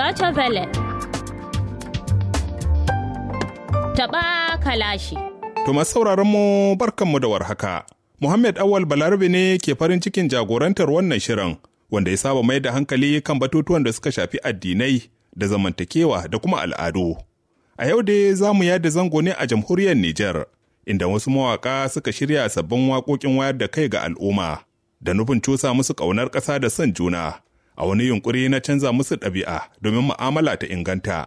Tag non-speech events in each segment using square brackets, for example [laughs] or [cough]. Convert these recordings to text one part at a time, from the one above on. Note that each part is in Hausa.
Deutsche Welle. Taɓa kalashi. To masu sauraron mu barkanmu da warhaka. Muhammad Awal Balarabe ne ke farin cikin jagorantar wannan shirin wanda ya saba mai da hankali kan batutuwan da suka shafi addinai da zamantakewa da kuma al'adu. A yau dai za mu yada zango ne a jamhuriyar Nijar, inda wasu mawaƙa suka shirya sabbin waƙoƙin wayar da kai ga al'umma, da nufin cusa musu ƙaunar ƙasa da son juna. a wani yunkuri na canza musu ɗabi'a domin mu'amala ta inganta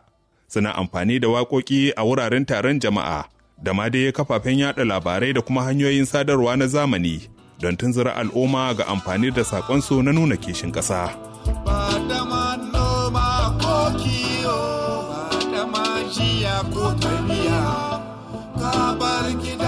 suna amfani da waƙoƙi a wuraren taron jama'a da ma dai kafafen yaɗa labarai da kuma hanyoyin sadarwa na zamani don tunzura al'umma ga amfani da saƙonsu na nuna kishin ƙasa. Ka bar gida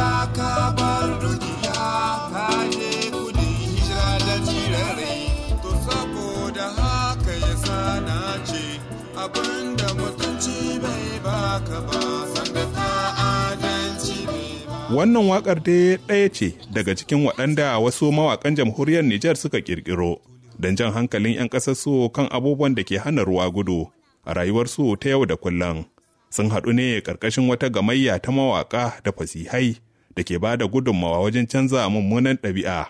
Wannan waƙar dai ɗaya ce daga cikin waɗanda wasu mawaƙan jamhuriyar Nijar suka ƙirƙiro don jan hankalin 'yan ƙasar su kan abubuwan da ke hana ruwa gudu a rayuwar su ta yau da kullum. Sun haɗu ne ƙarƙashin wata gamayya ta mawaƙa da fasihai da ke ba da gudunmawa wajen canza mummunan ɗabi'a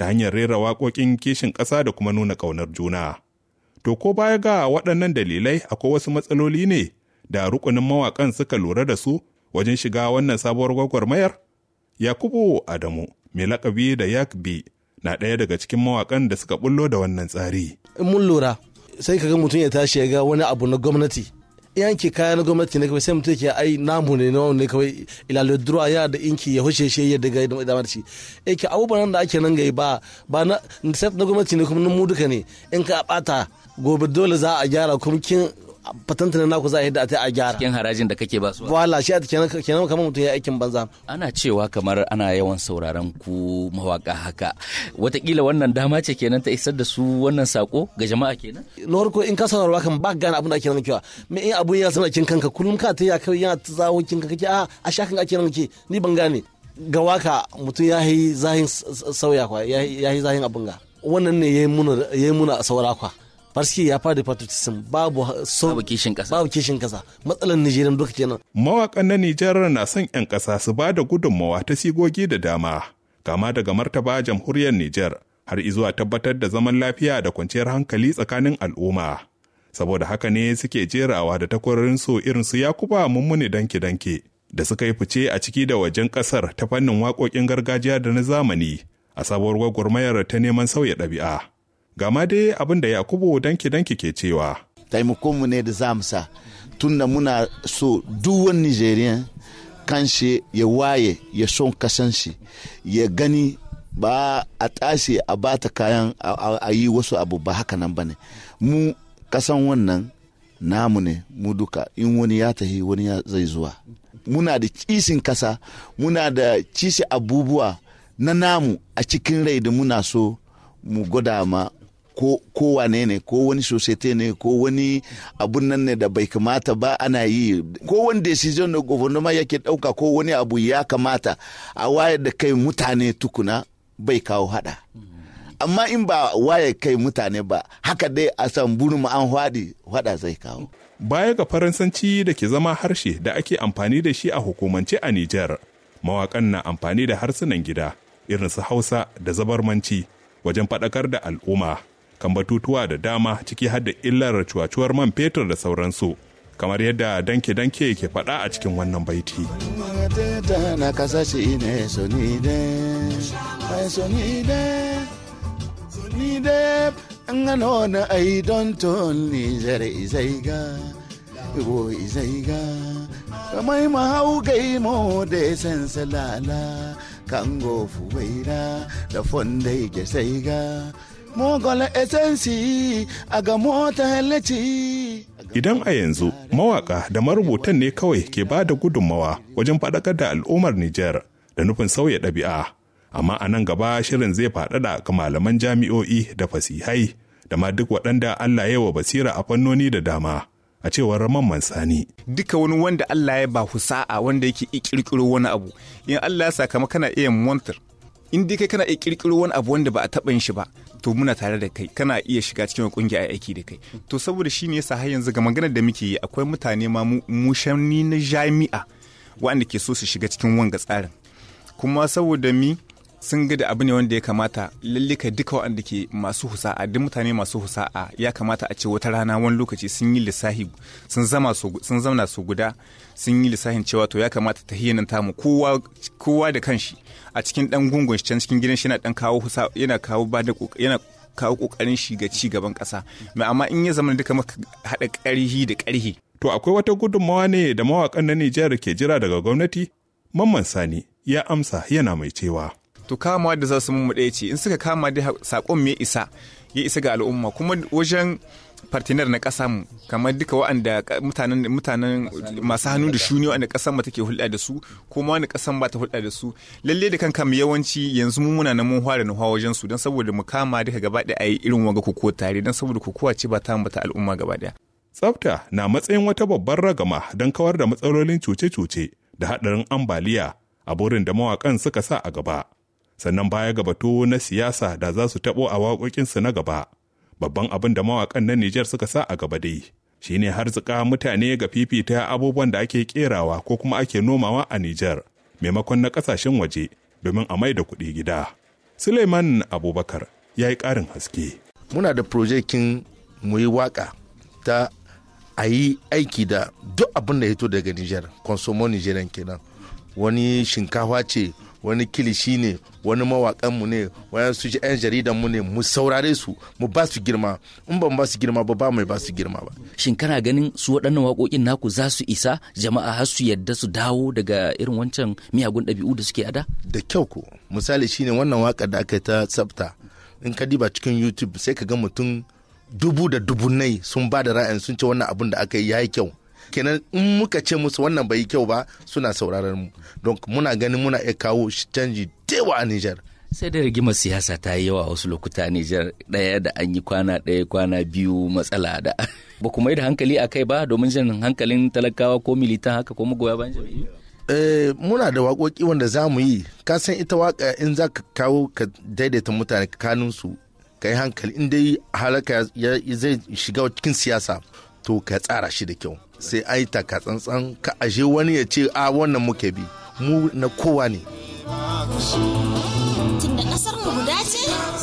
ta hanyar rera waƙoƙin kishin ƙasa da kuma nuna ƙaunar juna. To ko baya ga waɗannan dalilai akwai wasu matsaloli ne da rukunin mawaƙan suka lura da su wajen shiga wannan sabuwar gwagwarmayar? Yakubu Adamu, mai lakabi da Yakbi, na ɗaya daga cikin mawakan da suka bullo da wannan tsari. In mun lura, sai ka ga mutum ya tashi ya ga wani abu na gwamnati. ke kaya na gwamnati ne kawai sai mutum ke ai namu ne na wani kawai ilalo duruwa ya da inki ya hushe shi ya daga da damar ci eh abubuwan da ake nan gai ba ba na na gwamnati ne kuma na mu duka ne in ka bata gobe dole za a gyara kuma kin patanta naku za a yadda a gyara cikin harajin da kake ba su wala shi a kenan kamar mutum ya aikin banza ana cewa kamar ana yawan sauraron ku mawaka haka watakila wannan dama ce kenan ta isar da su wannan sako ga jama'a kenan na farko in ka saurara kan ba gane abin da ake nan kewa me in abu ya sanar kin kanka kullum ka ta ya kai yana ta zawo kin kanka a a shakan ake nan ke ni ban gane ga waka mutum ya yi zahin sauya kwa ya yi zahin abin ga wannan ne ya yi muna saura kwa farski ya fara patriotism babu kishin kasa babu kishin kasa matsalar nigeria duka kenan mawakan na nigeria na son yan kasa su ba da gudunmawa ta sigogi da dama kama daga martaba jamhuriyar niger har izuwa tabbatar da zaman lafiya da kwanciyar hankali tsakanin al'umma saboda haka ne suke jerawa da takwarorin su irin su Yakuba Mummuni danke danke da suka yi fice a ciki da wajen kasar ta fannin waƙoƙin gargajiya da na zamani a sabuwar gwagwarmayar ta neman sauya ɗabi'a. Gama dai abin da Yakubu danki danki ke cewa. Taimakonmu ne da za mu sa, tunda muna so duwan wani Nigerian kanshi ya waye ya son kasan shi ya gani ba a tashi a bata kayan a yi wasu abu ba haka nan ba ne mu kasan wannan namu ne mu duka in wani ya tahi wani ya zai zuwa muna da kisin kasa muna da kisi abubuwa na namu a cikin rai da muna so mu gwada ma ko wane ne ko wani societe ne ko wani abun nan ne da bai kamata ba ana yi ko wani decision da gwamnati yake dauka ko wani abu ya kamata a wayar da kai mutane tukuna bai kawo hada amma in ba waye kai mutane ba haka dai a san burin an hwadi hada zai kawo baya ga faransanci da ke zama harshe da ake amfani da shi a hukumance a Nijar mawakan na amfani da harsunan gida irin su Hausa da zabarmanci wajen faɗakar da al'umma kan batutuwa da dama ciki har da illar cuwacuwar man fetur da sauransu kamar yadda danke-danke ke faɗa a cikin wannan baiti. kamai mahaugai mo da san salala kango fuwaira da fonda ya sai ga mogola esensi a ga mota halacci. Idan a yanzu mawaka da marubutan ne kawai ke ba da gudunmawa wajen faɗakar da al'ummar Nijar da nufin sauya ɗabi'a, amma a nan gaba shirin zai faɗaɗa ga malaman jami'o'i da fasihai da ma duk waɗanda Allah ya wa basira a fannoni da dama. a cewar raman mansani Duka wani wanda Allah ya ba saa wanda yake ƙirƙiro wani abu, in Allah ya kama kana iya montar in dai kai kana iya kirkiro wani abu wanda ba a taɓa yin shi ba to muna tare da kai kana iya shiga cikin kungiya aiki da kai to saboda shi ne yasa har yanzu ga maganar da muke yi akwai mutane ma mu shani na jami'a waɗanda ke so su shiga cikin wanga tsarin kuma saboda mi sun ga da abu ne wanda ya kamata lallika duka waɗanda ke masu husa'a duk mutane masu husa'a ya kamata a ce wata rana wani lokaci sun yi lissahi sun zama su guda sun yi lissahin cewa to ya kamata ta hiyanin tamu kowa da kanshi a cikin dan gungun shi can cikin gidan shi yana kawo husa yana kawo ba da yana kawo kokarin shi ga ci gaban kasa mai amma in ya zama duka maka hada karhi da karhi to akwai wata gudummawa ne da mawakan na Nijar ke jira daga gwamnati mamman sani ya amsa yana mai cewa to kama da za su mu ɗaya ce in suka kama da sakon me isa ya isa ga al'umma kuma wajen fartinar na ƙasa mu kamar duka waɗanda mutanen mutanen masu hannu da shuni waɗanda ƙasar mu take hulɗa da su kuma wani ƙasar ba ta hulɗa da su lalle da kanka mu yawanci yanzu mu muna na mun hware na wajen su don saboda mu kama duka gaba ɗaya ayi irin waga koko tare don saboda kokowa ce ba ta mu ta al'umma gaba ɗaya tsafta na matsayin wata babbar ragama don kawar da matsalolin cuce-cuce da haɗarin ambaliya a burin da mawaƙan suka sa a gaba sannan baya ga batu na siyasa da za su taɓo a waƙoƙinsu na gaba babban abin da mawaƙan na Nijar suka sa a gaba dai shine zuka mutane ga fifita abubuwan da ake kerawa ko kuma ake nomawa a Nijar maimakon na ƙasashen waje domin a mai da kuɗi gida. Suleiman Abubakar ya yi ƙarin haske. Muna da projekin mu yi waƙa ta a yi aiki da duk abin da ya daga Nijar, konsomo Nijeriyan kenan. Wani shinkafa ce wani kilishi ne wani mawaƙanmu ne wayan su 'yan jaridanmu ne mu saurare su mu ba su girma in ban ba su girma ba ba mai ba su girma ba shin kana ganin su waɗannan waƙoƙin naku za su isa jama'a har su yadda su dawo daga irin wancan miyagun ɗabi'u da suke ada da kyau ko misali shine wannan waƙar da aka ta tsafta in ka diba cikin youtube sai ka ga mutum dubu da dubunnai sun ba da ra'ayin sun ce wannan abun da aka yi ya kyau kenan in muka ce musu wannan bai kyau ba suna sauraron mu don muna ganin muna iya kawo canji tewa a Nijar. sai da rigimar siyasa ta yi yawa wasu lokuta a Nijar ɗaya da an yi kwana ɗaya kwana biyu matsala da [laughs] ba ku mai da hankali a kai ba domin jan hankalin talakawa ko militan haka ko magoya ba eh, muna da waƙoƙi wanda za mu yi ka san ita waƙa in za ka kawo ka daidaita mutane kanunsu ka yi hankali in dai halaka zai shiga cikin siyasa to ka tsara shi da kyau sai ai taka tsantsan ka aje wani ya ce a wannan muke bi mu na kowa ne da ƙasar mu guda ce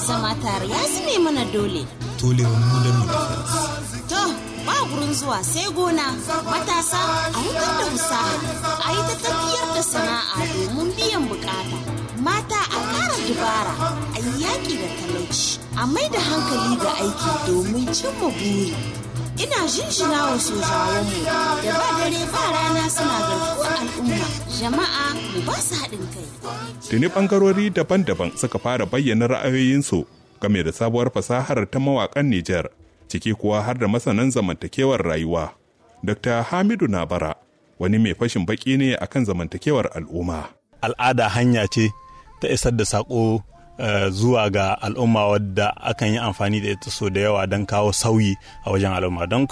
zama tare ya su mana dole dole mu da mu to ba gurin zuwa sai gona matasa a hukar da husaha a yi ta tafiyar da sana'a domin biyan bukata mata a ƙara dubara a yi yaƙi da talauci a mai da hankali ga aiki domin cimma buri ina jinjina wa sojawanmu da ba dare ba rana suna garkuwa al'umma jama'a mu ba su haɗin kai. Tuni ɓangarori daban-daban suka fara bayyana ra'ayoyinsu game da sabuwar fasahar ta mawaƙan Nijar, ciki kuwa har da masanan zamantakewar rayuwa. Dr. Hamidu Nabara wani mai fashin baƙi ne akan zamantakewar al'umma. Al'ada hanya ce ta isar da saƙo Eh, zuwa ga al'umma wadda akan yi amfani da ita so da yawa don kawo sauyi a wajen al'umma don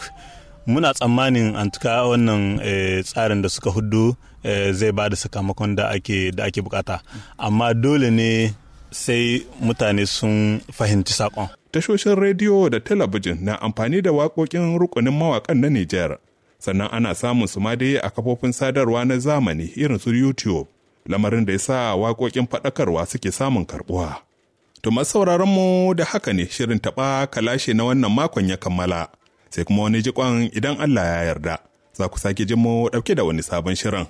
muna tsammanin an tuka wannan eh, tsarin da suka hudu eh, zai ba da sakamakon da ake bukata amma dole ne sai mutane sun fahimci saƙon. tashoshin rediyo da talabijin na amfani da waƙoƙin rukunin mawaƙan na Nijar sannan ana samun su ma dai a kafofin sadarwa na zamani irin su YouTube lamarin da ya sa waƙoƙin faɗakarwa suke samun karɓuwa. To sauraron mu da haka ne shirin taɓa kalashe na wannan makon ya kammala, sai kuma wani jikon idan Allah ya yarda, za ku sake jin mu ɗauke da wani sabon shirin.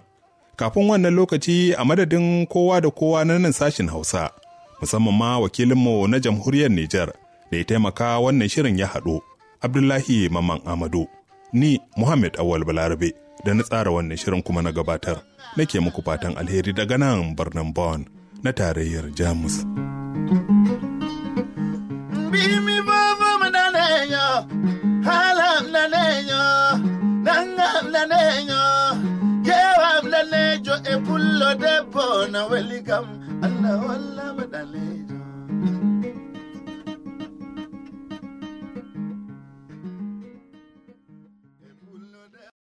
Kafin wannan lokaci a madadin kowa da kowa na nan sashin Hausa, musamman ma wakilinmu na jamhuriyar Nijar da ya taimaka wannan shirin ya haɗu, Abdullahi Mamman Amadu. ni Muhammad Awal Balarabe da na tsara wannan shirin kuma na gabatar nake muku fatan alheri daga nan birnin Bonn na tarayyar Jamus. E na Allah wallah madalejo